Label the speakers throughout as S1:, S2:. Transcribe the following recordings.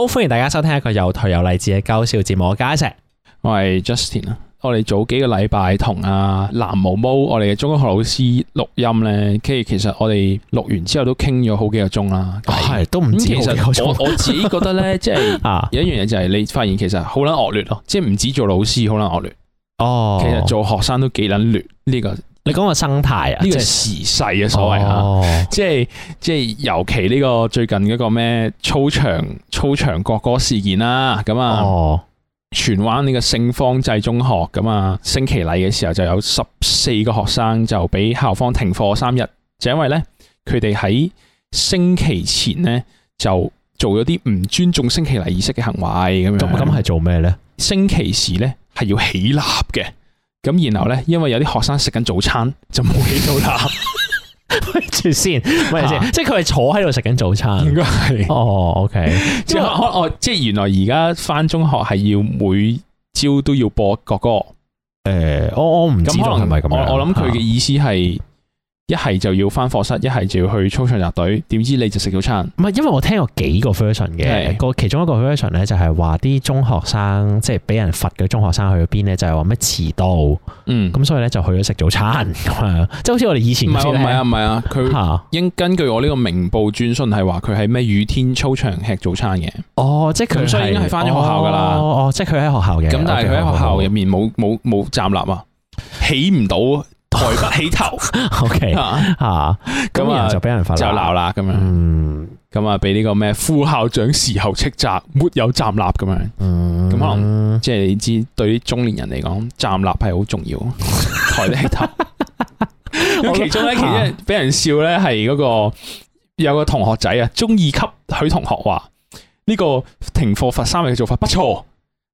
S1: 好歡迎大家收聽一個又頹又勵志嘅搞笑節目，加一我係 Justin 啊，我哋早幾個禮拜同阿藍毛毛，我哋嘅中學老師錄音咧，跟其實我哋錄完之後都傾咗好幾個鐘啦，係、哦、都唔止。其實我我自己覺得咧，即係啊，有一樣嘢就係你發現其實好捻惡劣咯，即係唔止做老師好捻惡劣哦，其實做學生都幾捻劣呢、這個。講個生態啊，呢個時勢啊，所謂啊，即係即係，尤其呢個最近嗰個咩操場操場國歌事件啦，咁啊，荃灣呢個聖方濟中學咁啊，升旗禮嘅時候就有十四個學生就俾校方停課三日，就是、因為呢，佢哋喺升旗前呢就做咗啲唔尊重升旗禮儀式嘅行為咁樣，咁係做咩呢？升旗時呢，係要起立嘅。咁然後咧，因為有啲學生食緊早餐， 就冇起到立。 喂住先，喂住、啊，即係佢係坐喺度食緊早餐。應該係。哦，OK。即係我,因為 我,我，即係原來而家返中學係要每朝都要播國歌。誒、欸，我我唔知係咪咁我我諗佢嘅意思係。一係就要翻課室，一係就要去操場入隊。點知你就食早餐？唔係，因為我聽過幾個 version 嘅，個是其中一個 version 咧就係話啲中學生，即係俾人罰嘅中學生去咗邊咧，就係話咩遲到。嗯，咁所以咧就去咗食早餐。咁啊，即係好似我哋以前唔係啊，唔係啊，佢應根據我呢個明報專訊係話佢喺咩雨天操場吃早餐嘅。哦哦。哦，即係佢，所以應該係翻咗學校噶啦。哦，即係佢喺學校嘅。咁但係佢喺學校入面冇冇冇站立啊？起唔到。抬不起頭，OK 啊，咁、啊、人就俾人就鬧啦，咁、嗯、樣，咁啊俾呢個咩副校長時候斥責，沒有站立咁樣，咁、嗯、可能即係你知，對啲中年人嚟講，站立係好重要，抬得、嗯、起
S2: 頭。咁 其中咧，
S1: 俾人笑咧係嗰個有個同學仔啊，中二級許同學話呢、這個停課罰三日嘅做法不錯，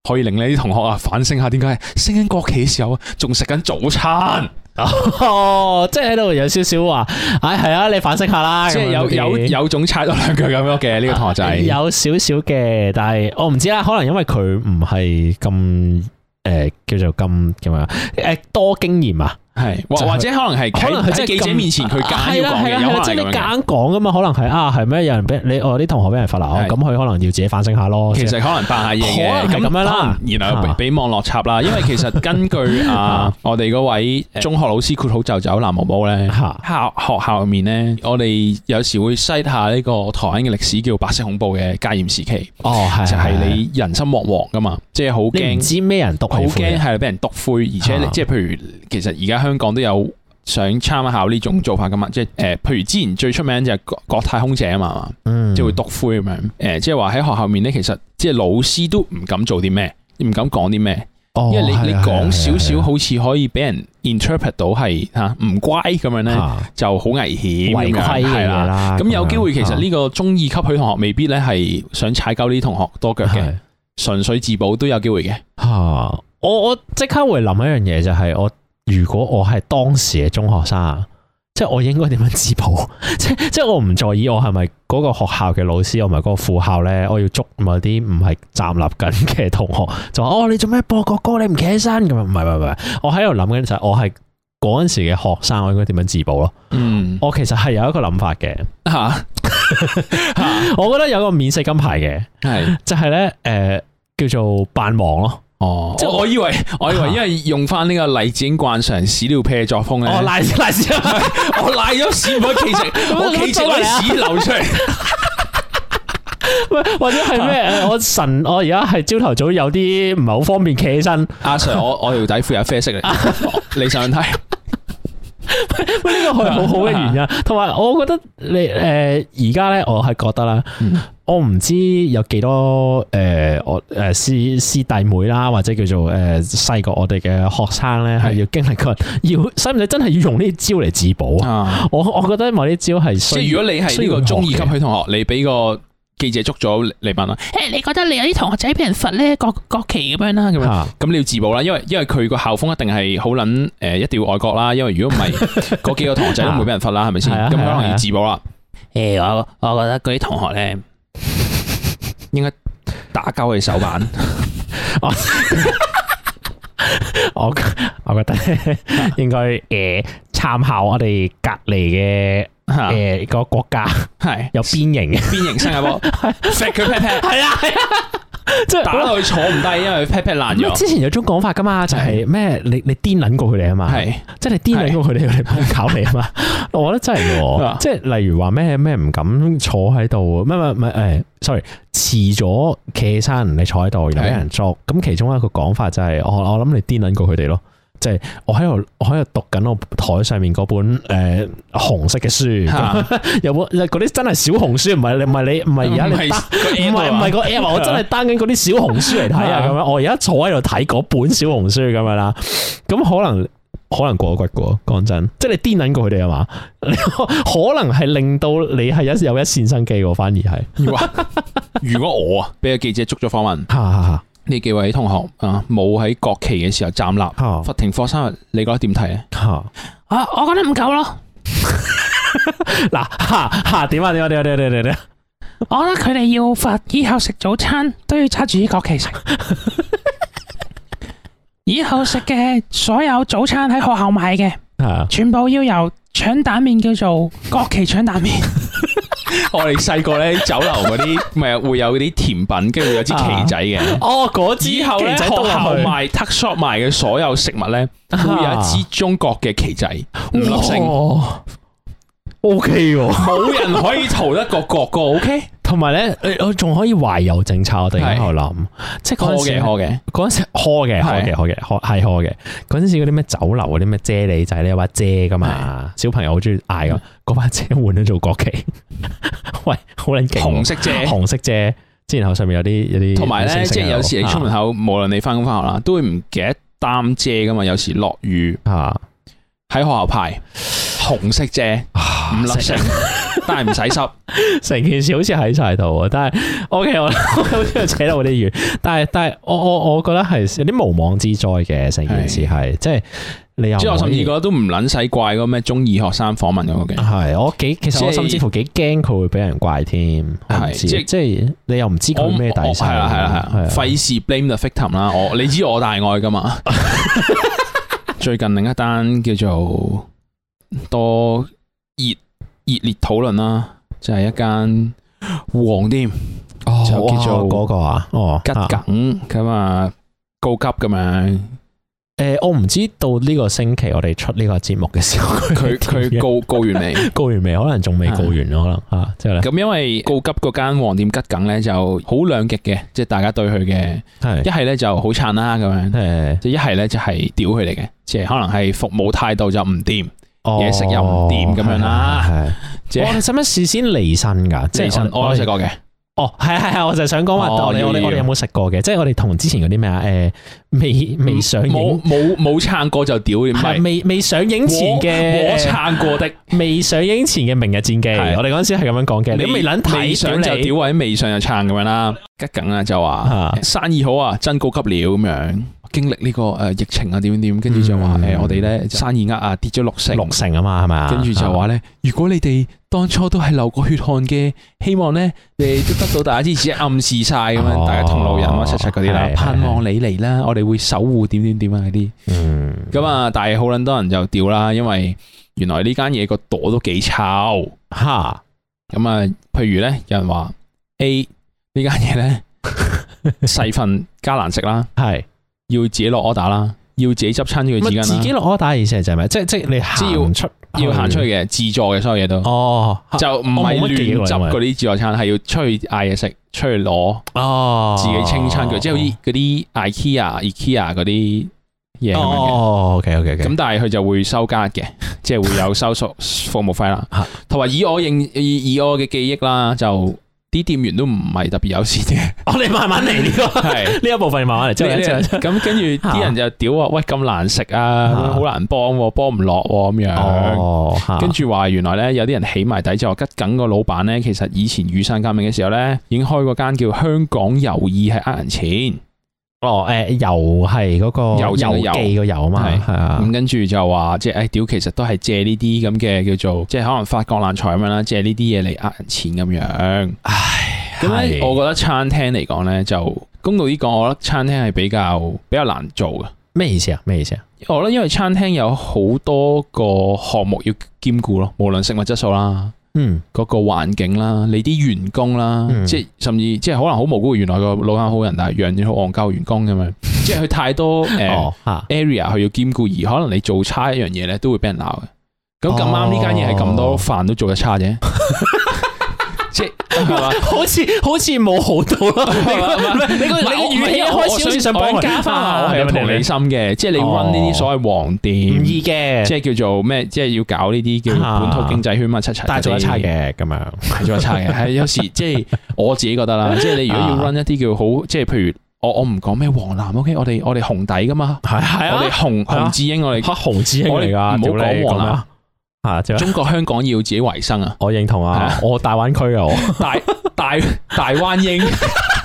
S1: 可以令你啲同學啊反省下，點解升緊國旗嘅時候仲食緊早餐？啊哦，即係喺度有少少話，唉，係啊，你反省下啦，即係有、嗯、有有種踩多兩腳咁樣嘅呢個同學仔， 有少少嘅，但係我唔知啦，可能因為佢唔係咁誒，叫做咁叫咩誒，多經驗啊！係或或者可能係可能喺記者面前佢夾硬講，即係你夾硬講㗎嘛？可能係啊，係咩？有人俾你我啲同學俾人發難，咁佢可能要自己反省下咯。其實可能扮下嘢係咁樣啦。然後俾網絡插啦，因為其實根據啊我哋嗰位中學老師括好就走藍毛毛咧，校學校入面咧，我哋有時會篩下呢個台灣嘅歷史叫白色恐怖嘅戒嚴時期。哦，就係你人心惶惶㗎嘛，即係好驚。唔知咩人篤好驚，係俾人篤灰，而且即係譬如其實而家。香港都有想參考呢種做法噶嘛，即係誒，譬如之前最出名就係國國太空姐啊嘛，嗯，即係會篤灰咁樣，誒，即係話喺學校面咧，其實即係老師都唔敢做啲咩，唔敢講啲咩。哦、因為你你講少少好似可以俾人 interpret 到係嚇唔乖咁樣咧，哦、就好危險，違規嘅嘢啦。咁有機會其實呢個中二級佢同學未必咧係想踩鳩呢啲同學多腳嘅，哦、純粹自保都有機會嘅嚇、哦。我我即刻會諗一樣嘢就係、是、我。如果我係當時嘅中學生啊，即係我應該點樣自保？ 即即我唔在意我係咪嗰個學校嘅老師，我咪嗰個副校咧？我要捉埋啲唔係站立緊嘅同學，就話哦，你做咩播國歌？你唔企起身咁啊？唔係唔係唔係，我喺度諗緊就係我係嗰陣時嘅學生，我應該點樣自保咯？嗯，我其實係有一個諗法嘅吓，嗯、 我覺得有個免死金牌嘅係，是的 就係咧誒，叫做扮忙咯。哦，即係我我以為我以為因為用翻呢個例子慣常屎尿屁嘅作風咧，我賴屎，
S2: 我賴咗屎，我企住，我企住，我屎流
S1: 出嚟。喂，或者係咩？我神，我而家係朝頭早有啲唔係好方便企起身。阿 Sir，我我條底褲有啡色嚟，你上睇。係好好嘅原因，同埋 我覺得你誒而家咧，我係覺得啦，我唔知有幾多誒我誒師師弟妹啦，或者叫做誒細個我哋嘅學生咧，係要經歷過，要使唔使真係要用呢招嚟自保啊？我我覺得某啲招係即係如果你係呢個中二級佢同學，你俾個。記者捉咗你問啦，誒，你覺得你有啲同學仔俾人罰咧國國旗咁樣啦，咁樣，咁你要自保啦，因為因為佢個校風一定係好捻誒，一定要外國啦，因為如果唔係，嗰幾個同學仔都唔會俾人罰啦，係咪先？咁可能要自保啦。誒，我我覺得嗰啲同學咧，應該打交嘅手板，我我我覺得應該誒。參考我哋隔籬嘅誒個國家係有鞭刑嘅，鞭刑新加坡，食佢劈劈，係啊係啊，即係打落去坐唔低，因為劈劈爛咗。之前有種講法噶嘛，就係咩你你癲捻過佢哋啊嘛，係即係你癲捻過佢哋去搞你啊嘛。我覺得真係，即係例如話咩咩唔敢坐喺度，咩咩咩誒，sorry，遲咗企起身，你坐喺度，然後有人捉。咁其中一個講法就係我我諗你癲捻過佢哋咯。即係我喺度，我喺度讀緊我台上面嗰本誒、呃、紅色嘅書，啊、 有冇？嗰啲真係小紅書，唔係你，唔係你，唔係而家你唔係唔係個 app、啊、我真係 down 緊嗰啲小紅書嚟睇啊！咁樣我而家坐喺度睇嗰本小紅書咁樣啦，咁可能可能過骨噶，講真，即係你癲撚過佢哋啊嘛？可能係 令到你係有有一線生機喎，反而係如果如果我啊，俾個記者捉咗訪問。 呢幾位同學啊，冇喺國旗嘅時候站立，法、啊、庭課生，日，你覺得點睇咧？啊，我覺得唔夠咯。嗱，吓吓點啊？點啊？點啊？點啊？點啊？我覺得佢哋要罰，以後食早餐都要揸住啲國旗食。 以後食嘅所有早餐喺學校買嘅，全部要由腸蛋麵叫做國旗腸蛋麵。 我哋細個咧，酒樓嗰啲咪會有啲甜品，跟住有支旗仔嘅。哦，嗰之後咧，學校賣 tuck shop 賣嘅 所有食物咧，都有支中國嘅旗仔，五粒星。O K，冇人可以逃得過國歌。O K。同埋咧，我我仲可以懷柔政策，我突然間喺度諗，即係嘅，陣時，嗰陣時嘅 call 嘅 call 嘅 call 係嘅。嗰陣時嗰啲咩酒樓嗰啲咩啫喱仔咧，有把遮噶嘛？小朋友好中意嗌噶，嗰把遮換咗做國旗。喂，好捻勁，紅色遮，紅色遮，之後上面有啲有啲。同埋咧，即係有時你出門口，無論你翻工翻學啦，都會唔記得擔遮噶嘛？有時落雨啊，喺學校排紅色遮。唔甩成，但係唔使濕，成件事好似喺晒度啊！但係 OK，我好似扯到好啲遠，但係但係我我我覺得係有啲無妄之災嘅，成件事係，即係你又即係我甚至覺得都唔撚使怪嗰咩中二學生訪問嗰個嘅，係我幾其實我甚至乎幾驚佢會俾人怪添，係即係你又唔知佢咩底細，係啦係啦係啦，費事 blame the victim 啦，我你知我大愛㗎嘛，最近另一單叫做多熱。熱烈討論啦，就係、是、一間黃店，哦、就叫做嗰個、哦、啊，哦桔梗咁啊告急咁樣。誒、呃，我唔知道到呢個星期我哋出呢個節目嘅時候，佢佢告告完未？告 完未？可能仲未告完咯，可能吓，即係咁因為告急嗰間黃店桔梗呢，就好兩極嘅，即係大家對佢嘅，一係呢就好撐啦咁樣，誒的，一係呢，就係屌佢嚟嘅，即係可能係服務態度就唔掂，嘢食又唔掂咁樣啦，即係你使唔使事先離身㗎？離身我都食過嘅。哦，係係係，我就想講話我哋我哋有冇食過嘅？即係我哋同之前嗰啲咩啊？誒，未未上映冇冇冇撐過就屌唔係未未上映前嘅我撐過的，未上映前嘅明日戰記，我哋嗰陣時係咁樣講嘅。你未諗睇上就屌或者未上就撐咁樣啦。桔梗啊，就話生意好啊，真高級料咁樣。經歷呢個誒疫情啊，點點點，跟住就話誒，我哋咧生意額啊跌咗六成，六成啊嘛，係咪啊，跟住就話咧，如果你哋當初都係流過血汗嘅，希望咧你都得到大家支持，暗示晒，咁樣，大家同路人啊，七七嗰啲啦，盼望你嚟啦，我哋會守護點點點啊嗰啲。嗯，咁啊，但係好捻多人就掉啦，因為原來呢間嘢個朵都幾臭吓。咁啊，譬如咧，有人話 A 呢間嘢咧細份加難食啦，係。要自己落 order 啦，要自己執餐紙巾啦。自己落 order 意思係就係咩？即係即係你行出要行出去嘅自助嘅所有嘢都。哦，就唔係亂執嗰啲自助餐，係要出去嗌嘢食，出去攞。哦，自己清餐具，即係嗰啲啲 IKEA、IKEA 嗰啲嘢。哦，OK OK OK 咁但係佢就會收加嘅，即係會有收索服務費啦。同埋以我認以以我嘅記憶啦，就。啲店員都唔係特別有錢嘅，我哋慢慢嚟呢、這個，係呢 對 一部分慢慢嚟。之後咁跟住啲人就屌話喂，咁難食啊，好 難幫、啊，幫唔落咁樣。跟住話原來呢，有啲人起埋底之後，桔梗個老闆呢，其實以前雨傘革命嘅時候呢，已經開過間叫香港游意，係呃人錢。哦，誒油係嗰個油油油嘅油啊嘛，係係啊。咁跟住就話，即係誒屌，其實都係借呢啲咁嘅叫做，即係可能發國難財咁樣啦，借呢啲嘢嚟呃人錢咁樣。唉，咁咧係，我覺得餐廳嚟講咧，就公道啲講，我覺得餐廳係比較比較難做嘅。咩意思啊？咩意思啊？我覺得因為餐廳有好多個項目要兼顧咯，無論食物質素啦。嗯，嗰個環境啦，你啲員工啦、嗯，即係甚至即係可能好無辜，原來個老闆好人，但係樣樣好戇鳩員工咁樣，即係佢太多誒、呃哦啊、area 佢要兼顧，而可能你做差一樣嘢咧都會俾人鬧嘅。咁咁啱呢間嘢係咁多飯都做得差啫，哦、 即係。 好似好似冇好到咯。你個你個你個語氣開始好似想加翻啊！有同理心嘅，即係你 run 呢啲所謂黃店唔易嘅，即係叫做咩？即係要搞呢啲叫本土經濟圈嘛，七嚟都係做一差嘅，咁樣係做一餐嘅。係有時即係我自己覺得啦，即係你如果要 run 一啲叫好，即係譬如我我唔講咩黃藍，OK，我哋我哋紅底噶嘛，係係啊，我哋紅紅志英，我哋黑紅志英嚟噶，唔好講黃藍。中國香港要自己維生啊！我認同啊，啊我大灣區啊，我 大大大灣英。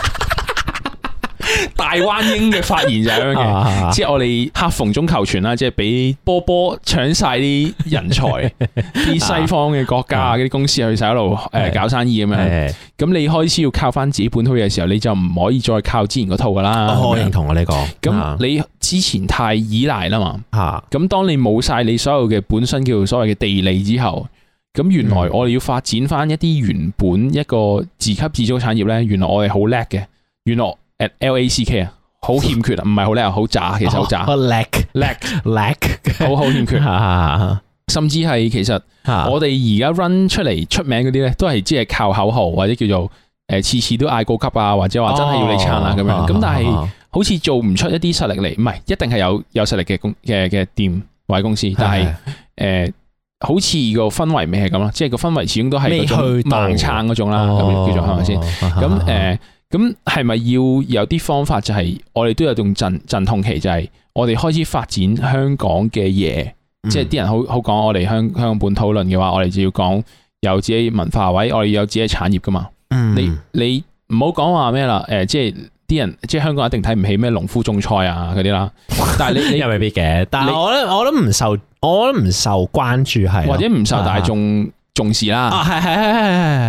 S1: 大灣英嘅發言就係咁嘅，啊啊、即係我哋夾縫中求全啦，即係俾波波搶晒啲人才，啲、啊、西方嘅國家啊，啲公司去晒度搞生意咁樣。咁、啊啊、你開始要靠翻自己本土嘅時候，你就唔可以再靠之前嗰套噶啦。我認同我呢個。咁、啊、你，你之前太依賴啦嘛。吓、啊。咁當你冇晒你所有嘅本身叫做所謂嘅地利之後，咁原來我哋要發展翻一啲原本一個自給自足產業呢？原來我哋好叻嘅，原來。lack 啊，好欠缺啊，唔係好叻啊，好渣，其實好渣。l a lack 好好欠缺啊。甚至係其實我哋而家 run 出嚟出名嗰啲咧，都係只係靠口號或者叫做誒次次都嗌高級啊，或者話真係要你撐啦咁樣。咁但係好似做唔出一啲實力嚟，唔係一定係有有實力嘅公嘅嘅店或者公司，但係誒好似個氛圍咩係咁咯，即係個氛圍始終都係未去盲撐嗰種啦，咁叫做係咪先？咁誒。咁係咪要有啲方法？就係我哋都有棟陣陣痛期，就係我哋開始發展香港嘅嘢，即係啲人好好講我哋香香港本土論嘅話，我哋就要講有自己文化位，我哋要有自己產業噶嘛你。你你唔好講話咩啦？誒，即係啲人即係香港一定睇唔起咩農夫種菜啊嗰啲啦，但 有有。但係你你又未必嘅。但係我咧，我都唔受，我都唔受關注係，或者唔受大眾。重視啦，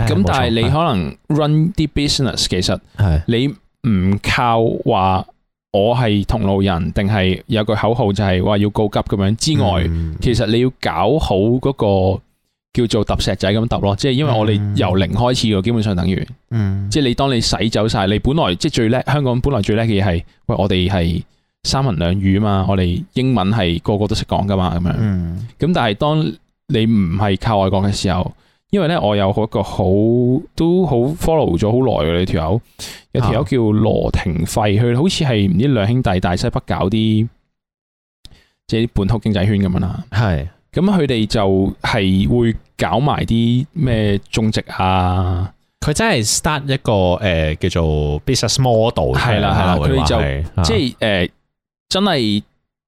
S1: 咁、啊、但係你可能 run 啲 business，是其實係你唔靠話我係同路人，定係是有句口號就係話要告急咁樣之外，嗯、其實你要搞好嗰個叫做揼石仔咁揼咯，即係、嗯、因為我哋由零開始嘅，基本上等於於，嗯、即係你當你洗走晒你本來即係最叻，香港本來最叻嘅嘢係，喂我哋係三文兩語啊嘛，我哋英文係個個都識講噶嘛咁樣，咁、嗯、但係當你唔係靠外國嘅時候，因為咧我有嗰個好都好 follow 咗好耐嘅你條友，有條友叫羅廷輝，佢、啊、好似係唔知兩兄弟大西北搞啲即係啲本土經濟圈咁樣啦，係咁佢哋就係會搞埋啲咩種植啊，佢、嗯、真係 start 一個誒、呃、叫做 business model，係啦係啦，佢、啊啊、就、啊、即係誒、呃、真係。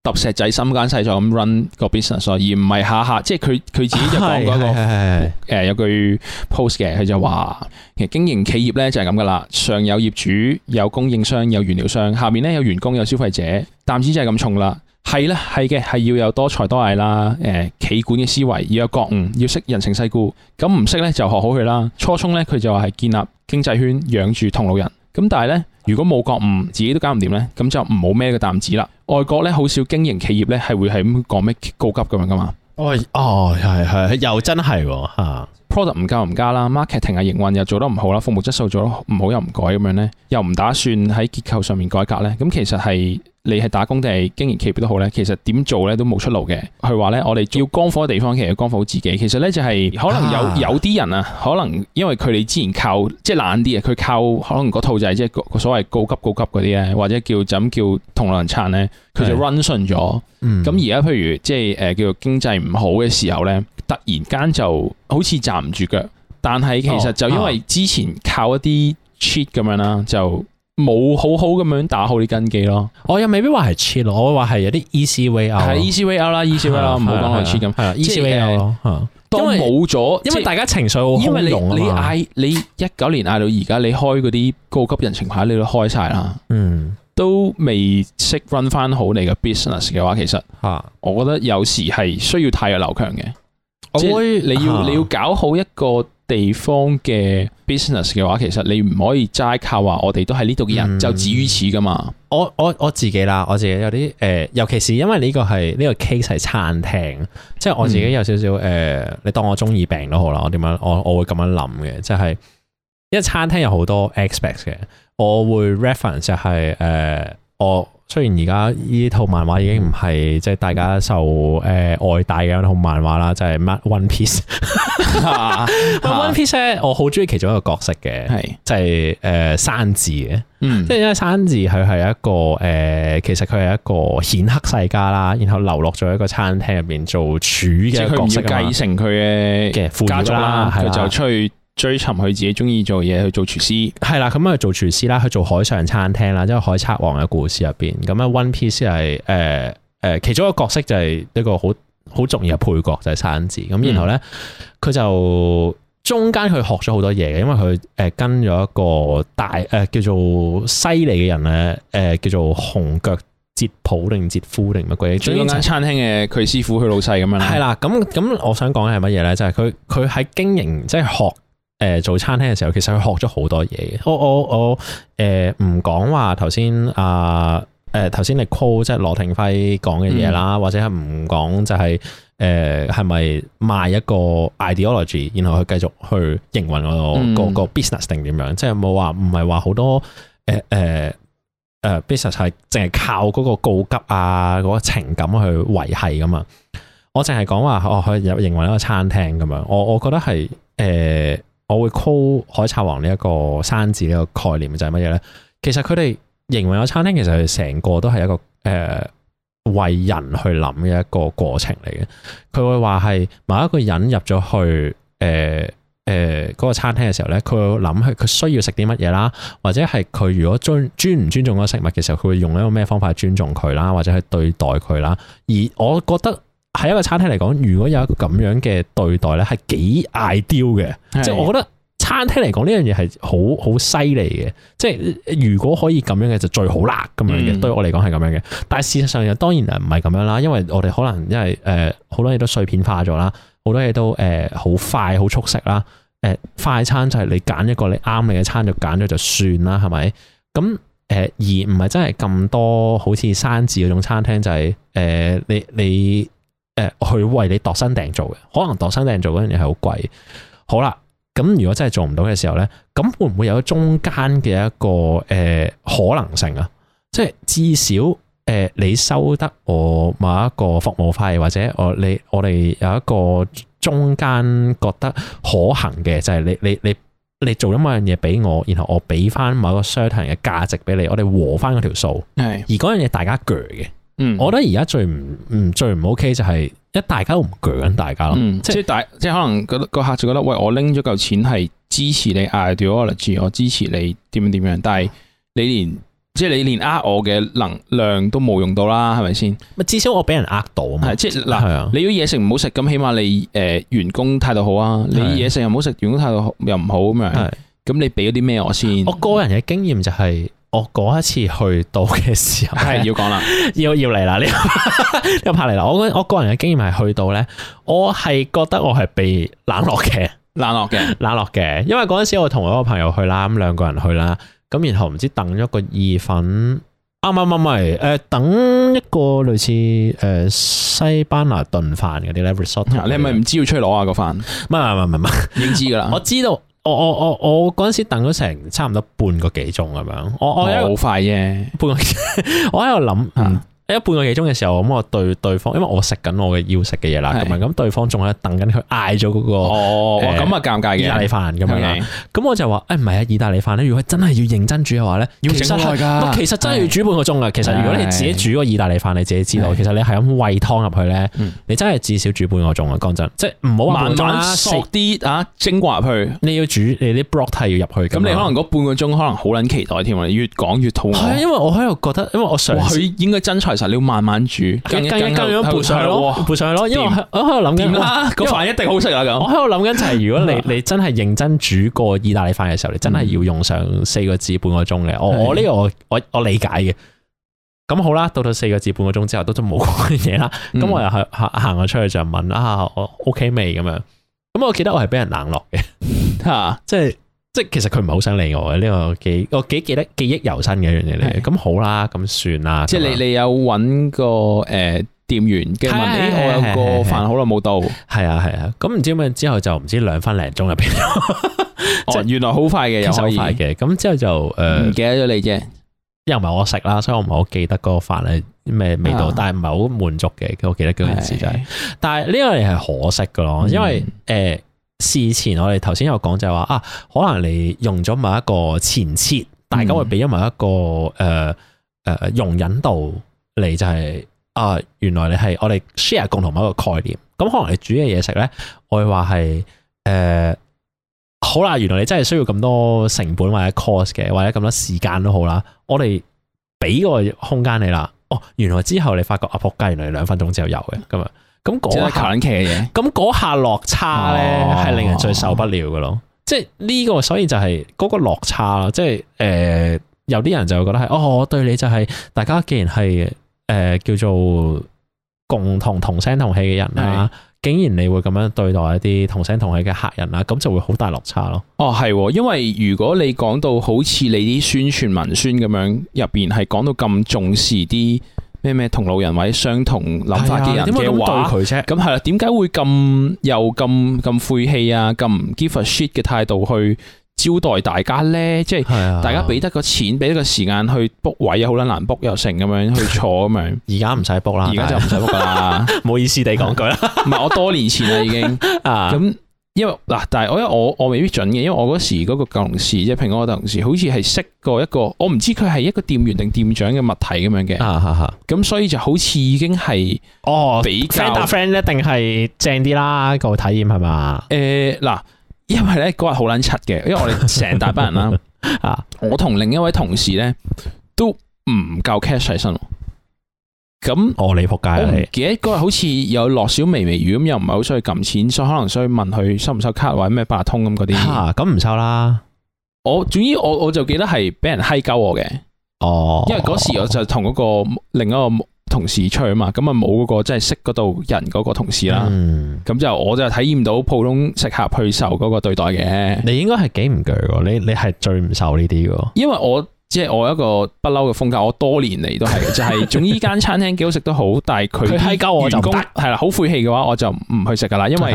S1: 揼石仔心間細就咁 run 個 business 啊，而唔係下下，即係佢佢自己就講嗰個，誒有句 post 嘅，佢就話，其實經營企業咧就係咁噶啦，上有業主、有供應商、有原料商，下面咧有員工、有消費者，擔子就係咁重啦。係啦，係嘅，係要有多才多藝啦，誒企管嘅思維，要有覺悟，要識人情世故，咁唔識咧就學好佢啦。初衷咧佢就話係建立經濟圈，養住同路人，咁但係咧。如果冇覺悟，自己都搞唔掂呢，咁就唔好咩嘅擔子啦。外國呢，好少經營企業呢係會係咁講咩高級咁樣㗎嘛。喂、哎，哦，係係，又真係嚇。啊、product 唔夠唔加啦，marketing 係營運又做得唔好啦，服務質素做得唔好又唔改咁樣呢，又唔打算喺結構上面改革呢。咁其實係。你係打工定係經營企業都好咧，其實點做咧都冇出路嘅。佢話咧，我哋要光火嘅地方其實要光火自己。其實咧就係可能有有啲人啊，可能因為佢哋之前靠即係懶啲啊，佢靠可能嗰套就係即係所謂高級高級嗰啲咧，或者叫就叫同路人撐咧，佢就 run 順咗。咁、嗯、而家譬如即係誒叫做經濟唔好嘅時候咧，突然間就好似站唔住腳，但係其實就因為之前靠一啲 cheat 咁樣啦，就。冇好好咁樣打好啲根基咯，我又未必話係切 h 我話係有啲 ECVR，係 ECVR 啦，ECVR 唔好講係 c e 咁，係 ECVR 咯。都冇咗，因為大家情緒好寬容啊嘛。你一九年嗌到而家，你開嗰啲高級人情牌，你都開晒啦，嗯，都未識 run 翻好你嘅 business 嘅話，其實吓，我覺得有時係需要太陽流強嘅，
S2: 我係你要你
S1: 要搞好一個。地方嘅 business 嘅話，其實你唔可以齋靠話、嗯，我哋都係呢度嘅人，就止於此噶嘛。我我我自己啦，我自己有啲誒、呃，尤其是因為呢個係呢、個 case 係餐廳，即係我自己有少少誒，你當我中意病都好啦。我點樣，我我會咁樣諗嘅，即係因為餐廳有好多 aspect 嘅，我會 reference 就係誒我。雖然而家呢套漫畫已經唔係即係大家受誒愛戴嘅一套漫畫啦，就係、是《One Piece、 啊》啊。《 One Piece》我好中意其中一個角色嘅，係、啊、就係、是、誒、呃、山治嘅，嗯，即係因為山治佢係一個誒、呃，其實佢係一個顯赫世家啦，然後流落咗一個餐廳入邊做廚嘅角色啦，繼承佢嘅副家族啦，佢就出去。追尋佢自己中意做嘢，去做廚師，係啦，咁啊做廚師啦，去做海上餐廳啦，即係《海賊王》嘅故事入邊，咁啊 One Piece 係誒誒其中一個角色就係一個好好重要嘅配角就係、是、山治，咁然後咧佢、嗯、就中間佢學咗好多嘢嘅，因為佢誒跟咗一個大誒、呃、叫做犀利嘅人咧，誒、呃、叫做紅腳哲普定哲夫定乜鬼，中間餐廳嘅佢師傅佢老細咁樣，係啦，咁咁我想講嘅係乜嘢咧，就係佢佢喺經營即係學。誒、呃、做餐廳嘅時候，其實佢學咗好多嘢。我我我誒唔講話頭先啊誒頭先你 call 即係羅廷輝講嘅嘢啦，嗯、或者係唔講就係誒係咪賣一個 ideology，然後佢繼續去營運嗰個嗰個、嗯、business 定點樣？即係冇話唔係話好多誒誒誒 business 係淨係靠嗰個告急啊嗰個情感去維繫噶嘛？我淨係講話我去入營運，運一個餐廳咁樣，我我覺得係誒。呃呃我會 call 海賊王呢一個生字呢個概念就係乜嘢呢？其實佢哋認為個餐廳其實係成個都係一個誒、呃、為人去諗嘅一個過程嚟嘅。佢會話係某一個人入咗去誒誒嗰個餐廳嘅時候呢，佢會諗係佢需要食啲乜嘢啦，或者係佢如果尊尊唔尊重嗰個食物嘅時候，佢會用一個咩方法去尊重佢啦，或者去對待佢啦。而我覺得。喺一個餐廳嚟講，如果有一個咁樣嘅對待咧，係幾 ideal 嘅。是的 即係我覺得餐廳嚟講呢樣嘢係好好犀利嘅。即係如果可以咁樣嘅就最好啦，咁樣嘅對我嚟講係咁樣嘅。但係事實上又當然唔係咁樣啦，因為我哋可能因為誒好多嘢都碎片化咗啦，好多嘢都誒好快好速食啦。誒、呃、快餐就係你揀一個你啱你嘅餐就揀咗就算啦，係咪？咁誒、呃、而唔係真係咁多好似生字嗰種餐廳就係誒你你。你誒，去為你度身訂做嘅，可能度身訂做嗰樣嘢係好貴。好啦，咁如果真係做唔到嘅時候呢，咁會唔會有中間嘅一個誒、呃、可能性啊？即係至少誒、呃，你收得我某一個服務費，或者我你我哋有一個中間覺得可行嘅，就係、是、你你你，你做咗某樣嘢俾我，然後我俾翻某一個 certain 嘅價值俾你，我哋和翻嗰條數。是而嗰樣嘢大家鋸嘅。嗯，我覺得而家最唔唔最唔 OK 就係一大家都唔卷大家咯，嗯、即係大即係可能個客就覺得喂，我拎咗嚿錢係支持你，idol，我支持你點樣點樣，但係你連即係你連呃我嘅能量都冇用到啦，係咪先？至少我俾人呃到，係即係嗱，你要嘢食唔好食，咁起碼你誒員工態度好啊，你嘢食又唔好食，員工態度,工態度又唔好咁樣，咁是你俾咗啲咩我先？我個人嘅經驗就係、是。我嗰一次去到嘅時候，係要講啦，要 要嚟啦，呢個拍嚟啦。我我個人嘅經驗係去到咧，我係覺得我係被冷落嘅，冷落嘅，冷落嘅。因為嗰陣時我同我一個朋友去啦，咁兩個人去啦，咁然後唔知等咗個意粉，啱啱啱唔係，誒等一個類似誒西班牙燉飯嗰啲咧。你係咪唔知要出去攞啊，嗰個飯？唔係唔係唔係唔係已經知噶啦，我知道。我我我我嗰陣時等咗成差唔多半個幾鐘咁樣，哦，我我好快啫，哦、半個幾鐘， 我喺度諗。嗯一半個幾鐘嘅時候，咁我對對方，因為我食緊我嘅要食嘅嘢啦，咁樣咁對方仲喺度等緊佢嗌咗嗰個哦，咁啊，尷尬嘅意大利飯咁樣，咁我就話誒，唔係啊意大利飯咧，如果真係要認真煮嘅話咧，其實真係要煮半個鐘噶。其實如果你自己煮個意大利飯，你自己知道，其實你係咁餵湯入去咧，你真係至少煮半個鐘啊。講真，即係唔好慢慢熟啲啊，精華入去，你要煮你啲 broth 係要入去，咁你可能嗰半個鐘可能好撚期待添啊。越講越痛。餓。係，因為我喺度覺得，因為我嘗試，應該真材。其實你要慢慢煮，一羹一羹咁鋪上去咯，鋪上去咯。因為我喺度諗緊，因為個飯一定好食啊，咁。我喺度諗緊就係，如果你你真係認真煮過意大利飯嘅時候，你真係要用上四個字半個鐘嘅。我我呢個我我理解嘅。咁好啦，到咗四個字半個鐘之後，都做冇講嘢啦。咁我又行行行咗出去就問啊，我 OK 未咁樣。咁我記得我係俾人冷落嘅，吓，即係。即係其實佢唔係好想理我嘅，呢個記我幾記得記憶猶新嘅一樣嘢嚟。咁好啦，咁算啦。即係你你有搵個誒店員嘅問題，我有個飯好耐冇到。係啊係啊，咁唔知點樣之後就唔知兩分零鐘入邊。原來好快嘅，其實好快嘅。咁之後就誒唔記得咗你啫，又唔係我食啦，所以我唔係好記得嗰個飯係咩味道，但係唔係好滿足嘅。我記得嗰件事就係，但係呢個嘢係可惜嘅咯，因為誒。事前我哋頭先有講就係話啊，可能你用咗某一個前設，嗯、大家會俾咗某一個誒誒、呃呃、容忍度嚟，就是，就係啊，原來你係我哋 share 共同某一個概念，咁可能你煮嘅嘢食咧，我話係誒好啦，原來你真係需要咁多成本或者 cost 嘅，或者咁多時間都好啦，我哋俾個空間你啦。哦，原來之後你發覺啊撲街原來你兩分鐘之後有嘅，咁樣。咁嗰個長期嘅嘢，咁嗰下，下落差咧係、哦、令人最受不了嘅咯。哦、即係呢、這個，所以就係嗰個落差啦。即係誒、呃，有啲人就會覺得係哦，我對你就係、是，大家既然係誒、呃、叫做共同同聲同氣嘅人啦，是竟然你會咁樣對待一啲同聲同氣嘅客人啦，咁就會好大落差咯。哦，係、哦，因為如果你講到好似你啲宣傳文宣咁樣入邊係講到咁重視啲。咩咩同路人或者相同諗法嘅人嘅話，對佢啫，咁係啦，點解會咁又咁咁晦氣啊？咁唔 give a shit 嘅態度去招待大家咧？即係大家俾得個錢，俾個時間去 book 位啊，好難難 book 又成咁樣去坐咁樣。而家唔使 book 啦，而家就唔使 book 噶啦，唔好意思地講句啦，唔係我多年前啦已經啊咁。因為嗱，但係我因為我我未必準嘅，因為我嗰時嗰個舊同事即係平安個同事，好似係識過一個，我唔知佢係一個店員定店長嘅物體咁樣嘅。啊哈哈，咁所以就好似已經係哦 f r friend 咧，定係正啲啦個體驗係嘛？誒、啊，嗱，因為咧嗰日好卵柒嘅，因為我哋成大班人啦，啊， 我同另一位同事咧都唔夠 cash 喺身。咁那噢我你仆街啊！你記得嗰日你好似有落少微微雨咁，又唔係好需要撳錢，所以可能需要問佢收唔收卡或者咩八通咁嗰啲。嚇咁唔收啦！我總之我我就記得係俾人閪鳩我嘅。哦，因為嗰時我就同嗰個另一個同事出啊嘛，咁啊冇嗰個即係、就是、識嗰度人嗰個同事啦。嗯，咁之後我就體驗到普通食客去受嗰個對待嘅。你應該係幾唔懼㗎？你你係最唔受呢啲㗎。因為我。即係我一個不嬲嘅風格，我多年嚟都係，就係、是、總之間餐廳幾好食都好，但係佢員工係啦，好晦氣嘅話，我就唔去食噶啦。因為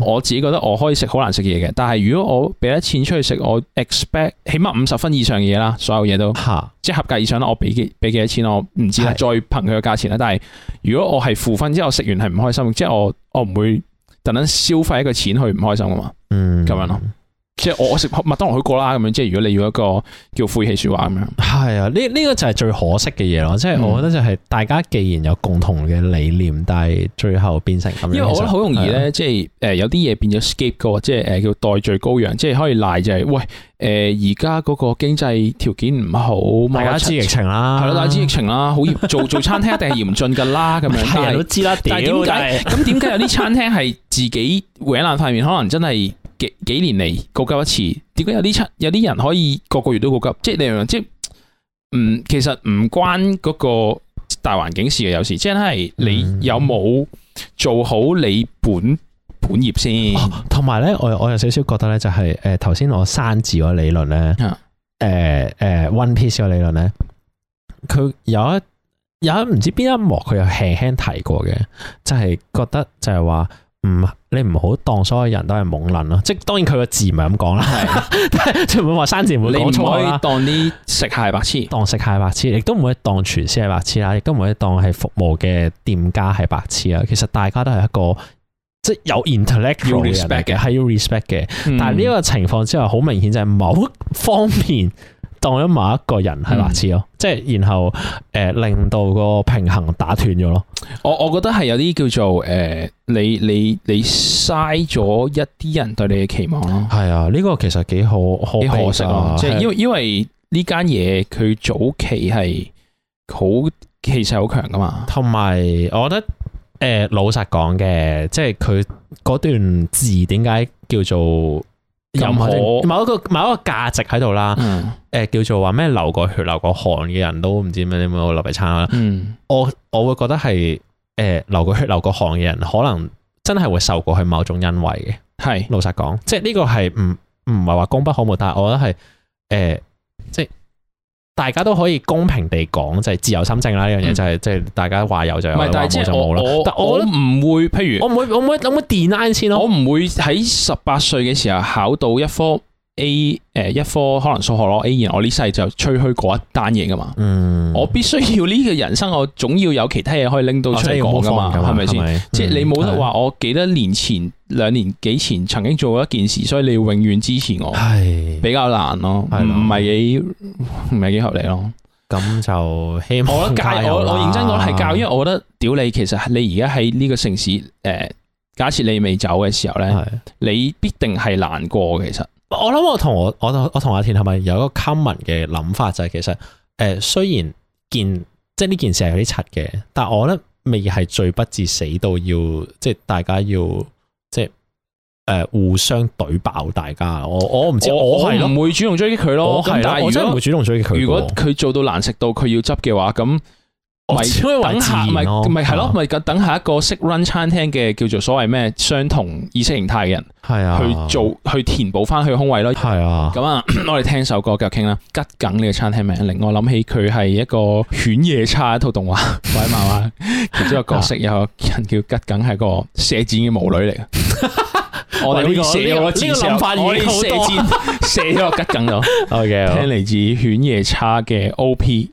S1: 我自己覺得我可以食好難食嘅嘢嘅，但係如果我俾咗錢出去食，我 expect 起碼五十分以上嘅嘢啦，所有嘢都是的 即係合格以上啦。我俾幾俾幾多錢，我唔知係是的 再憑佢嘅價錢啦。但係如果我係付分之後食完係唔開心，即係我我唔會特登消費一個錢去唔開心啊嘛。嗯，咁樣咯。即係我食麥當勞去過啦，咁樣即係如果你要一個叫晦氣說話咁樣，係、嗯、啊，呢、這、呢個就係最可惜嘅嘢咯。即係我覺得就係大家既然有共同嘅理念，但係最後變成咁。因為我覺得好容易咧、啊，即係誒有啲嘢變咗 skip 過，即係誒叫代罪羔羊，即係可以賴就係、是、喂誒而家嗰個經濟條件唔好，大家知疫情啦，係咯，大家知疫情啦，好嚴 做做餐廳一定係嚴峻噶啦，咁樣大家都知啦。但點解咁點解有啲餐廳係自己搵爛塊面，可能真係？幾幾年嚟告急一次？點解有啲出有啲人可以個個月都告急？即係你如，即係唔其實唔關嗰個大環境事嘅，有時即係你有冇做好你本、嗯、本業先？同埋咧，我我有少少覺得咧，就係誒頭先我山治嗰理論咧，誒誒 one piece 嗰理論咧，佢有一有一唔知邊一幕佢又輕輕提過嘅，就係覺得就係、是、話。呃唔，你唔好當所有人都係懵撚咯。即係當然佢個字唔係咁講啦，即唔是的 會話生字唔會講錯。你唔可以當啲食客係白痴，當食客係白痴，亦都唔可以當廚師係白痴啦，亦都唔可以當係服務嘅店家係白痴啦。其實大家都係一個即係有 intellectual 嘅，係要 You respect 嘅。嗯、但係呢一個情況之外，好明顯就係某方面。當咗某一個人係白痴咯，即係、嗯、然後誒、呃、令到個平衡打斷咗咯。我我覺得係有啲叫做誒、呃，你你你嘥咗一啲人對你嘅期望咯。係、嗯、啊、呢、這個其實幾可可可惜啊，即係因為因為呢間嘢佢早期係好氣勢好強噶嘛。同埋我覺得誒、呃、老實講嘅，即係佢嗰段字點解叫做？有某某一個某一個價值喺度啦，誒、嗯呃，叫做話咩流過血、流過汗嘅人都唔知咩，你有冇劉備餐啦？嗯，我我會覺得係誒、呃，流過血、流過汗嘅人，可能真係會受過去某種恩惠嘅。係是老實講，即係呢個係唔唔係話功不可沒，但係我覺得係誒，即係。嗯大家都可以公平地講，就係、是、自由心證啦。呢樣嘢就係即係大家話有就有，但冇就冇啦。但係我唔會，譬如我唔會，我唔會諗唔諗 deadline 先咯。我唔會喺十八歲嘅時候考到一科 A，誒、呃、一科可能數學咯 A。然後我呢世就吹開嗰一單嘢㗎嘛。嗯，我必須要呢個人生，我總要有其他嘢可以拎到出嚟講㗎嘛。係咪先？是是嗯、即係你冇得話，我幾多年前。兩年幾前曾經做過一件事，所以你要永遠支持我，係的比較難咯，唔唔係幾唔係幾合理咯。咁就希望我教我我認真講係教，因為我覺得屌你，其實你而家喺呢個城市，誒，假設你未走嘅時候咧，的你必定係難過。其實我諗我同我我我同阿田係咪有一個 common 嘅諗法就係、是，其實誒、呃、雖然件即係呢件事係有啲柒嘅，但係我覺得未係罪不至死到要即係大家要。即係誒、呃，互相懟爆大家，我我唔知，我係唔會主動追擊佢咯，係啦，但我真係唔會主動追擊佢。如果佢做到難食到，佢要執嘅話，咁。咪等下，咪咪係咯，咪等下一個識 run 餐廳嘅叫做所謂咩相同意識形態嘅人，係啊，去做去填補翻佢空位咯，係啊。咁啊，我哋聽首歌繼續傾啦。桔梗呢個餐廳名令我諗起佢係一個犬夜叉一套動畫，或者漫畫，其中個角色有個人叫桔梗，係個射箭嘅巫女嚟。我哋呢個呢個諗法而好多，射箭射咗個桔梗咗。OK，聽嚟自犬夜叉嘅 OP。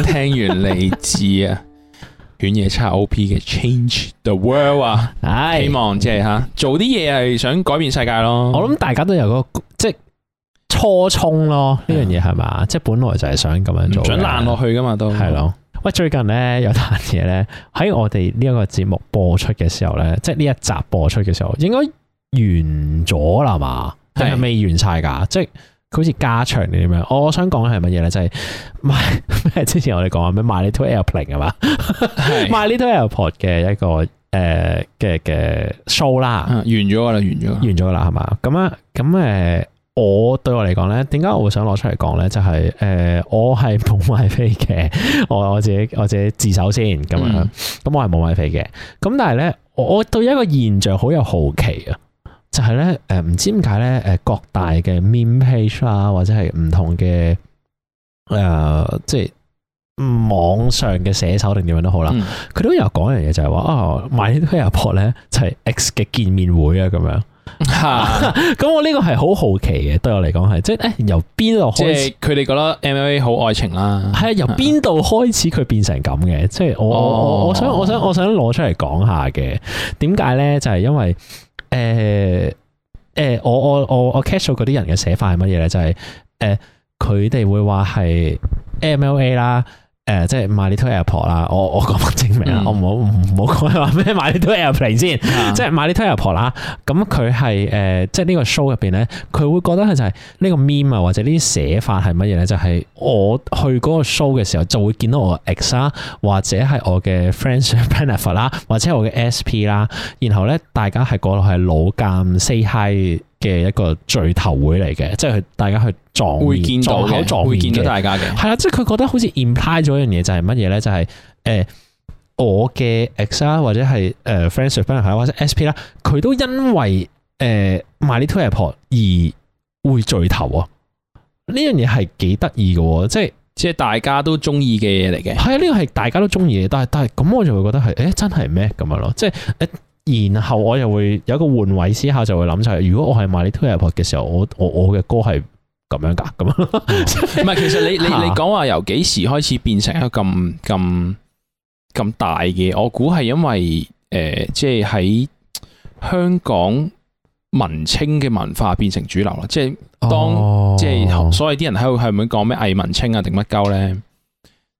S1: 聽完嚟自啊犬夜叉 OP 嘅 Change the World 啊，唉希望即係吓做啲嘢係想改變世界咯。我諗大家都有個即係初衷咯，呢樣嘢係嘛， 即係本來就係想咁樣做，唔准爛落去噶嘛，都係咯。喂，最近咧有單嘢咧喺我哋呢一個節目播出嘅時候咧，即係呢一集播出嘅時候應該完咗啦嘛，係咪未完晒噶？即係是。是佢好似加長定點樣？我想講嘅係乜嘢咧？就係賣咩？之前我哋講啊，咩賣呢套 My Little Airplane 係嘛？賣呢套 My Little Airport 嘅一個誒嘅嘅 show 啦，完咗啦，完咗，完咗啦，係嘛？咁啊，咁誒，我對我嚟講咧，點解我會想攞出嚟講咧？就係、是、誒、呃，我係冇買飛嘅， 我我自己我自己自首先咁樣。咁、嗯、我係冇買飛嘅。咁但係咧，我對一個現象好有好奇啊！就係咧，誒，唔知點解咧，誒，各大嘅 meme page 啊，或者係唔同嘅誒、呃，即係網上嘅寫手定點樣都好啦，佢、嗯、都有講樣嘢，哦、就係話啊，MLA 嘅 show 咧就係 X 嘅見面會啊，咁樣。吓是的、 啊，咁我呢個係好好奇嘅，對我嚟講係，即係誒、欸，由邊度？即係佢哋覺得 MLA 好愛情啦。係啊，由邊度開始佢變成咁嘅？即係我我我想我想我想攞出嚟講下嘅，點解咧？就係、是、因為。誒誒、呃呃，我我我我 casual 嗰啲人嘅寫法係乜嘢咧？就係、是、誒，佢、呃、哋會話係 MLA 啦。誒、呃，即係 My Little Airport 啦，我、嗯、我講明證明啊，我唔好唔好講係話咩 My Little Airplane 先，即係 My Little Airport 啦。咁佢係誒，即係呢個 show 入邊咧？佢會覺得佢就係呢個 meme 啊，或者寫呢啲寫法係乜嘢咧？就係、是、我去嗰個 show 嘅時候，就會見到我 ex 啦，或者係我嘅 friendship benefit 啦，或者我嘅 sp 啦，然後咧大家係過嚟係老鑒 say hi。嘅一個聚頭會嚟嘅，即係佢大家去撞面、會見到撞口撞、撞面嘅大家嘅，係啦，即係佢覺得好似 implied 咗一樣嘢，就係乜嘢咧？就係誒我嘅 ex 啦，或者係誒 friendship f r 或者、呃、ham, 或者 sp 啦，佢都因為誒 my little airport 而會聚頭啊！呢樣嘢係幾得意嘅，即係即係大家都中意嘅嘢嚟嘅。係啊，呢個係大家都中意嘅，但係但係咁，我就會覺得係誒、欸、真係咩咁樣咯，即係誒。呃然後我又會有一個換位思考，就會諗就係，如果我係賣你推 u p 嘅時候，我我我嘅歌係咁樣噶咁啊？唔 係、哦， 其實你你你講話由幾時開始變成一個咁咁咁大嘅？我估係因為誒、呃，即係喺香港文青嘅文化變成主流啦。即係當、哦、即係所謂啲人喺度係咪講咩藝文青啊定乜鳩咧？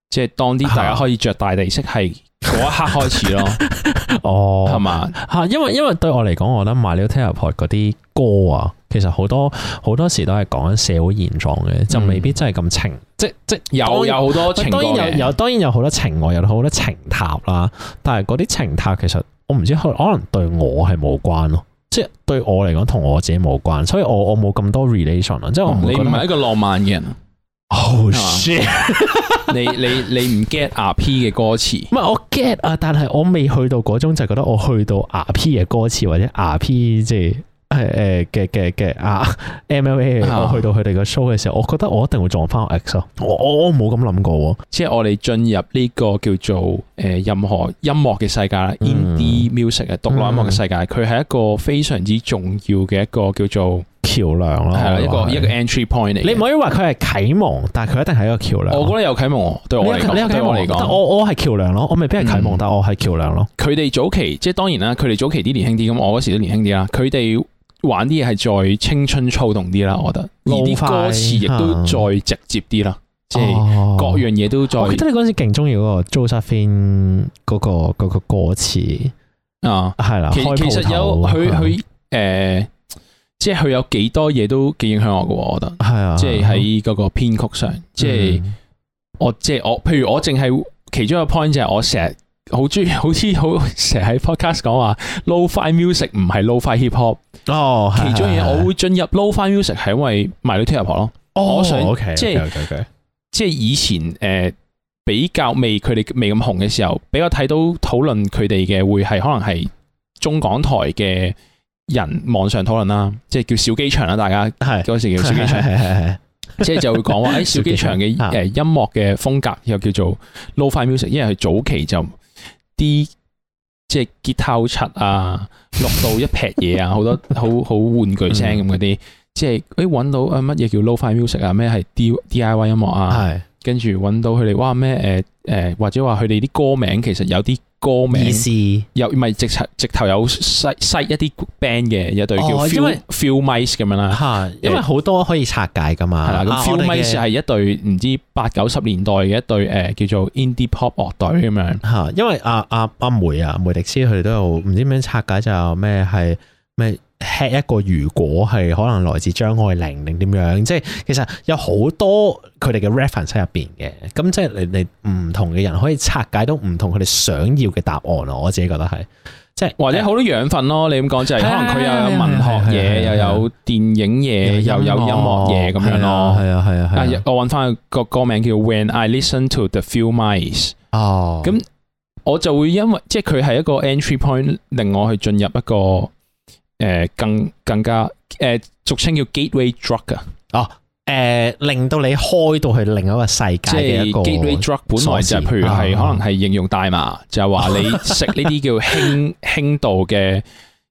S1: 即係當啲大家可以着大地色系、哦。嗰 一刻開始咯，哦、 oh, 吧，係嘛吓，因為因為對我嚟講，我覺得 My Little Airport 嗰啲歌啊，其實好多好多時都係講緊社會現狀嘅，就未必真係咁情，嗯、即即有有好多情當，當然有有當然有好多情愛，有好多情塔啦，但係嗰啲情塔其實我唔知可能對我係冇關咯，即對我嚟講同我自己冇關，所以我我冇咁多 relation，即我唔你唔係一個浪漫嘅人。哦、oh，shit！ 你你你唔 get R P 嘅歌詞？唔係我 get 啊，但係我未去到嗰種，就係覺得我去到 R P 嘅歌詞或者 R P 即係誒嘅嘅嘅啊 M L A、oh. 我去到佢哋個 show 嘅時候，我覺得我一定會撞翻 X 咯。我我冇咁諗過，即係我哋進入呢個叫做誒任何音樂嘅世界啦，Indie Music 啊，獨立音樂嘅世界，佢係、mm. mm. 一個非常之重要嘅一個叫做。橋梁咯，係啦，一個一個 entry point 嚟。你唔可以話佢係啟蒙，但係佢一定係一個橋梁。我覺得有啟蒙，對我嚟講，對我嚟講，我我係橋梁咯。我未必係啟蒙，但我係橋梁咯。佢哋早期，即係當然啦，佢哋早期啲年輕啲，咁我嗰時都年輕啲啦。佢哋玩啲嘢係再青春躁動啲啦，我覺得。而啲歌詞亦都再直接啲啦，即係各樣嘢都再。我記得你嗰陣時勁中意嗰個 Josephine 嗰個個歌詞啊，係啦。其實有佢佢誒。即係佢有幾多嘢都幾影響我嘅，我覺得係啊。即係喺嗰個編曲上，嗯、即係我即係我，譬如我淨係其中一個 point 就係我成日好中意，好似好成日喺 podcast 講話 lo-fi music 唔係 lo-fi hip hop 哦。啊、其中嘢我會進入、啊、lo-fi music 係因為埋到聽阿婆咯。哦，我想 okay, okay, okay, 即係即係以前誒比較未佢哋未咁紅嘅時候，比較睇到討論佢哋嘅會係可能係中港台嘅。人網上討論啦，即係叫小機場啦，大家係嗰時叫小機場， 即係就會講話喺小機場嘅誒音樂嘅風格，又叫做 lo-fi music，因為佢早期就啲即係吉他七啊，落到一撇嘢啊，好 多好好玩具聲咁嗰啲，即係誒搵到啊乜嘢叫 lo-fi music 啊，咩係 d-DIY 音樂啊，係跟住搵到佢哋哇咩誒。誒，或者話佢哋啲歌名其實有啲歌名意思有唔係直頭直頭有西西一啲 band 嘅一隊叫 Field Mice 咁樣、哦、啦，吓，因為好多可以拆解噶嘛，係啦樣，咁 Field Mice 係一隊唔知八九十年代嘅一隊誒，叫做 indie pop 樂隊咁樣，吓，因為阿阿阿梅啊梅迪，迪斯佢哋都有唔知點樣拆解，解就咩係咩？吃一個如果係可能來自張愛玲定點樣，即係其實有好多佢哋嘅 reference 喺入邊嘅，咁即係你你唔同嘅人可以拆解到唔同佢哋想要嘅答案咯。我自己覺得係，即係或者好多養分咯。你咁講就係可能佢又有文學嘢，又有電影嘢，又有音樂嘢咁樣咯。係啊係啊，我揾翻個歌名叫 When I Listen to the Few Mice 哦，咁我就會因為即係佢係一個 entry point 令我去進入一個。誒，更更加誒，俗稱叫 gateway drug 啊，哦，誒，令到你開到去另一個世界嘅一個 gateway drug，本來就係，譬如係可能係應用大麻，就係話你食呢啲叫輕輕度嘅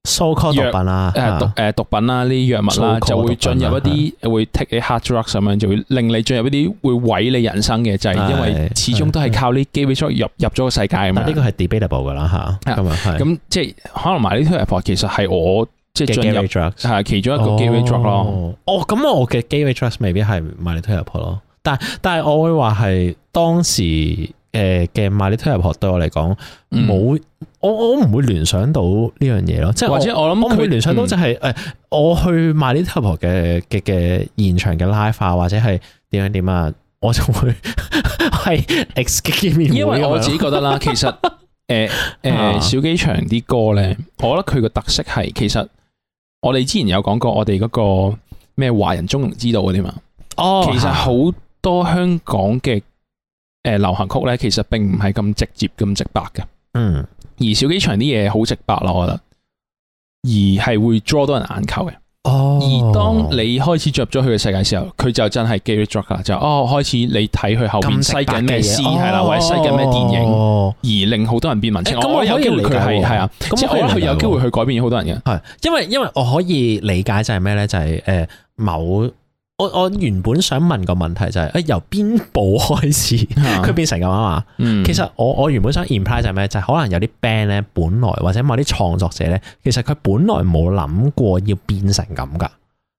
S1: so-called 藥品啦，誒毒誒毒品啦，呢啲藥物啦，就會進入一啲會 take the hard drugs 咁樣，就會令你進入一啲會毀你人生嘅，就係因為始終都係靠呢 gateway drug 入入咗個世界啊嘛，呢個係 debatable 噶啦吓，咁即係可能埋呢篇 report 其實係我。即係，係進入係其中一個 gateway drug 咯。哦，咁我嘅 gateway drug 未必係 My Little Airport 咯。但係但係，我會話係當時誒嘅 My Little Airport 對我嚟講冇，我我唔會聯想到呢樣嘢咯。即係或者我諗，我唔會聯想到即係誒，我去 My Little Airport 嘅嘅嘅現場嘅 live 化或者係，點樣點啊，我就會係，excuse me。因為我自己覺得啦，其實誒誒小機場啲歌咧，我覺得佢個特色係，其實。我哋之前有講過，我哋嗰個咩華人中庸之道嗰啲嘛，oh, 其實好多香港嘅誒流行曲咧，其實並唔係咁直接咁直白嘅，嗯，mm. 而小機場啲嘢好直白咯，我覺得，而係會 draw 到人眼球嘅。而當你開始入咗佢嘅世界時候，佢就真係 gay r drama 就哦，開始你睇佢後面篩緊咩詩，係啦，吧或者篩緊咩電影，哦、而令好多人變文青。咁、欸、我，我有機會佢係係啊，咁我覺得佢有機會去改變好多人嘅。係，因為因為我可以理解就係咩咧，就係、是、誒、呃、某。我我原本想問個問題就係誒由邊部開始佢變成咁啊嘛？嗯、其實我我原本想 imply 就係咩？就係、可能有啲 band 咧本來或者某啲創作者咧，其實佢本來冇諗過要變成咁噶。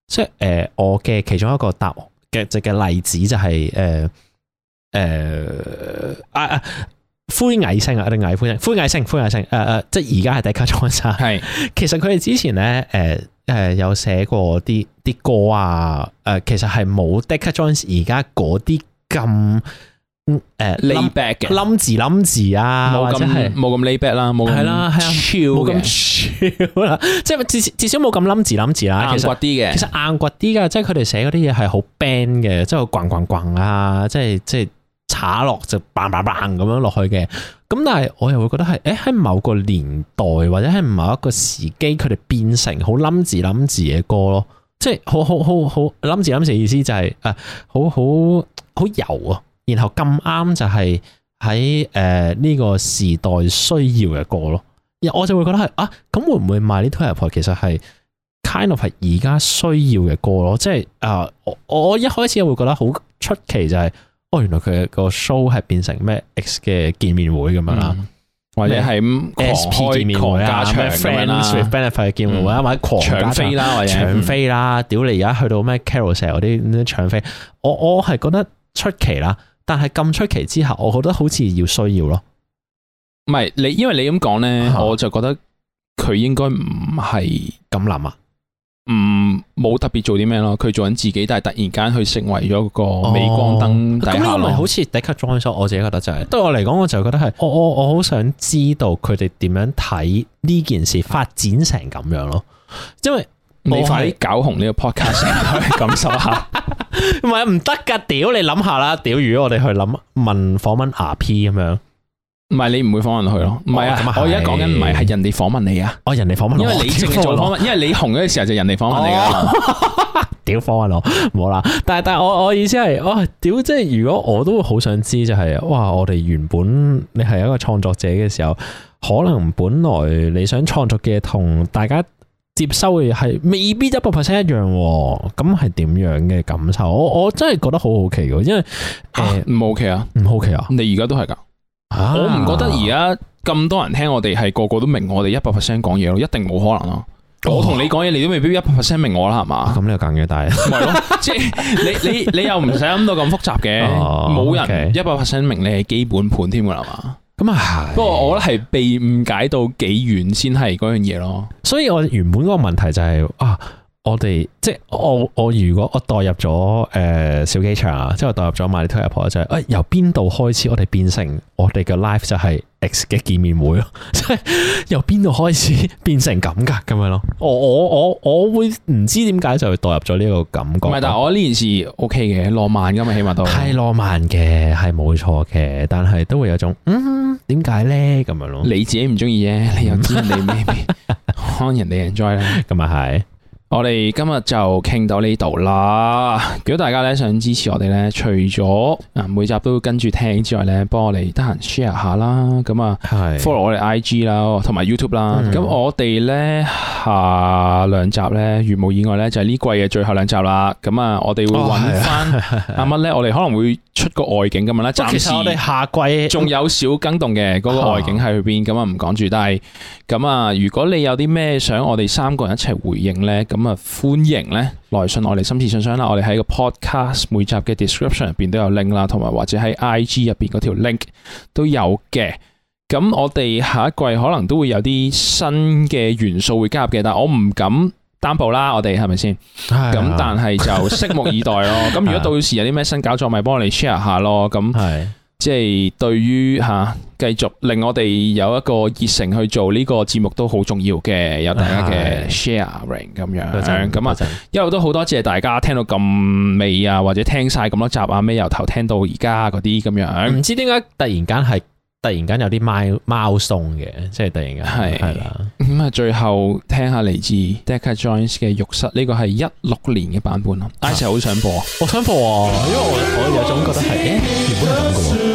S1: 即係誒，我嘅其中一個答嘅嘅例子就係誒誒啊灰啊，啊灰矮星啊定矮灰星？灰矮星？灰矮星？誒、啊、誒、啊，即係而家係第一家創係。是其實佢哋之前咧誒。呃誒、呃，有寫過啲啲歌啊，誒、呃，其實係冇 Deca joins 而家嗰啲咁，誒，layback 嘅，冧字冧字啊，冇咁係，冇咁、就是、layback 啦，冇係啦，係 chill 嘅啊，冇咁 chill 啦，即係 至少至少冇咁冧字冧字啦，硬骨啲嘅，其實硬骨啲㗎，即係佢哋寫嗰啲嘢係好 ban 嘅，即係逛逛逛啊，即係即係。即即下落就 bang bang bang 咁樣落去嘅，咁但係我又會覺得係，誒、欸、喺某個年代或者喺某一個時機，佢哋變成好冧字冧字嘅歌咯，即係好好好好冧字冧字意思就係誒好好好油啊，然後咁啱就係喺誒呢個時代需要嘅歌咯，就呃這個、歌我就會覺得係啊，咁會唔會 My Little Airport 其實係 kind of 係而家需要嘅歌咯，即係誒、呃、我我一開始會覺得好出奇就係、是。哦，原來佢個 show 係變成咩 EX 嘅見面會咁樣啦、嗯，或者係 SP 見面會啦，狂加場啦，Friends with Benefit 嘅見面會啊，或者狂搶飛啦，或者搶飛啦，屌你而家去到咩 Carousel 嗰啲搶飛，我我係覺得出奇啦，但係咁出奇之後，我覺得好似要需要咯。唔係你，因為你咁講咧，我就覺得佢應該唔係咁諗啊。嗯唔冇特別做啲咩咯，佢做緊自己，但係突然間去成為咗個鎂光燈，咁因為好似即刻 join 咗，我自己覺得就係、是、對我嚟講，我就覺得係我我我好想知道佢哋點樣睇呢件事發展成咁樣咯，因為我喺、哦、搞紅呢個 podcast 去感受下， 唔係唔得㗎，屌你諗下啦，屌如果我哋去諗問訪問 RP 咁樣。唔係你唔會訪問佢去咯，唔係啊！哦、我而家講緊唔係，係人哋訪問你啊！哦，人哋訪問，問，因為你做訪問，因為你紅嘅個時候就人哋訪問你噶。屌訪、哦、 問我，冇啦！但係但係我我意思係，哦，屌！即係如果我都好想知、就係，就係哇！我哋原本你係一個創作者嘅時候，可能本來你想創作嘅同大家接收嘅嘢係未必一百 percent 一樣。咁係點樣嘅感受？我我真係覺得好好奇噶，因為誒唔好奇啊，唔好奇啊！你而家都係噶。啊、我唔覺得而家咁多人聽我哋係個個都明我哋一百 percent 講嘢咯，一定冇可能咯、啊。哦、我同你講嘢，你都未必一百 percent 明我啦，係嘛？咁你更嘅大，係咯？即係你你你又唔使諗到咁複雜嘅，冇人一百 percent 明你係基本盤添噶啦嘛？咁啊，不過我覺得係被誤解到幾遠先係嗰樣嘢咯。所以我原本嗰個問題就係、是、啊。我哋即係我我如果我代入咗誒、呃、小機場啊，即係代入咗瑪你推入婆，婆，就係、是、誒、欸、由邊度開始我哋變成我哋嘅 life 就係 X 嘅見面會咯，即係由邊度開始變成咁噶咁樣咯。我我我我會唔知點解就代入咗呢個感覺。唔係，但係我呢件事 O K 嘅，浪漫噶嘛，起碼都係浪漫嘅，係冇錯嘅，但係都會有種嗯點解咧咁樣咯。你自己唔中意啫，你又知你咩 a 可 b 人哋 enjoy 啦、 就是，咁啊係。我哋今日就傾到呢度啦。如果大家咧想支持我哋咧，除咗啊每集都跟住聽之外咧，幫我哋得閒 share 下啦。咁啊，follow 我哋 IG 啦的，同埋 YouTube 啦。咁我哋咧下兩集咧，如無意外咧就係呢季嘅最後兩集啦。咁啊、哦的，我哋會揾翻阿乜咧，我哋可能會出個外景咁樣啦。暫時我哋下季仲有少更動嘅，嗰個外景喺去邊咁啊唔講住。但係咁啊，如果你有啲咩想我哋三個人一齊回應咧咁啊，歡迎咧來信我哋心事信箱啦，我哋喺個 podcast 每集嘅 description 入邊都有 link 啦，同埋或者喺 IG 入邊嗰條 link 都有嘅。咁我哋下一季可能都會有啲新嘅元素會加入嘅，但我唔敢擔保啦。我哋係咪先？咁是、啊、但係就拭目以待咯。咁 如果到時有啲咩新搞作，咪幫我哋 share 下咯。咁係。是啊即係對於吓繼續令我哋有一個熱誠去做呢個節目都好重要嘅，有大家嘅 sharing 咁樣。咁啊，一路都好多謝大家聽到咁尾啊，或者聽晒咁多集啊，咩由頭聽到而家嗰啲咁樣。唔知點解突然間係突然間有啲貓貓送嘅，即係突然間係係啦。咁啊，最後聽下嚟自 Deca joins 嘅浴室，呢個係一六年嘅版本咯。I 想好想播，我想播啊，因為我我有種覺得係咦原本係咁嘅。